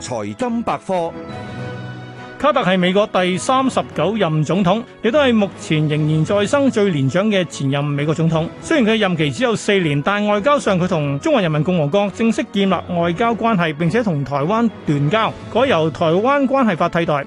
財金百科。卡特係美國第三十九任總統，亦都係目前仍然在生最年長嘅前任美國總統。雖然佢任期只有四年，但外交上佢同中華人民共和國正式建立外交關係，並且同台灣斷交，改由台灣關係法替代。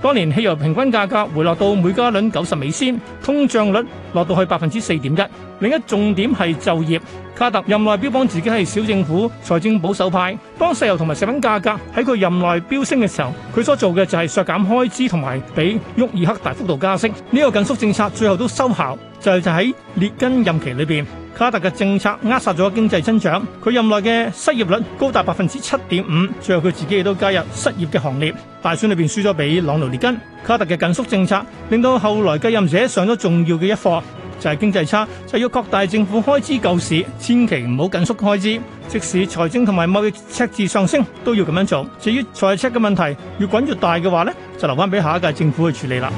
當年汽油平均價格回落到每加侖九十美仙，通脹率落到去百分之四點一。另一重點係就業，卡特任內標榜自己係小政府、財政保守派。當石油同埋食品價格喺佢任內飆升嘅時候，佢所做嘅就係削減開支同埋俾沃爾克大幅度加息。呢、這個緊縮政策最後都收效，就係在喺列根任期裏面。卡特嘅政策扼殺咗經濟增長，佢任內嘅失業率高達百分之七點五，最後佢自己亦都加入失業嘅行列。大選裏邊輸咗俾朗奴列根，卡特嘅緊縮政策令到後來繼任者上咗重要嘅一課，就係經濟差就要擴大政府開支救市，千祈唔好緊縮開支，即使財政同埋貿易赤字上升都要咁樣做。至於財赤嘅問題越滾越大嘅話呢，就留翻俾下一屆政府去處理啦。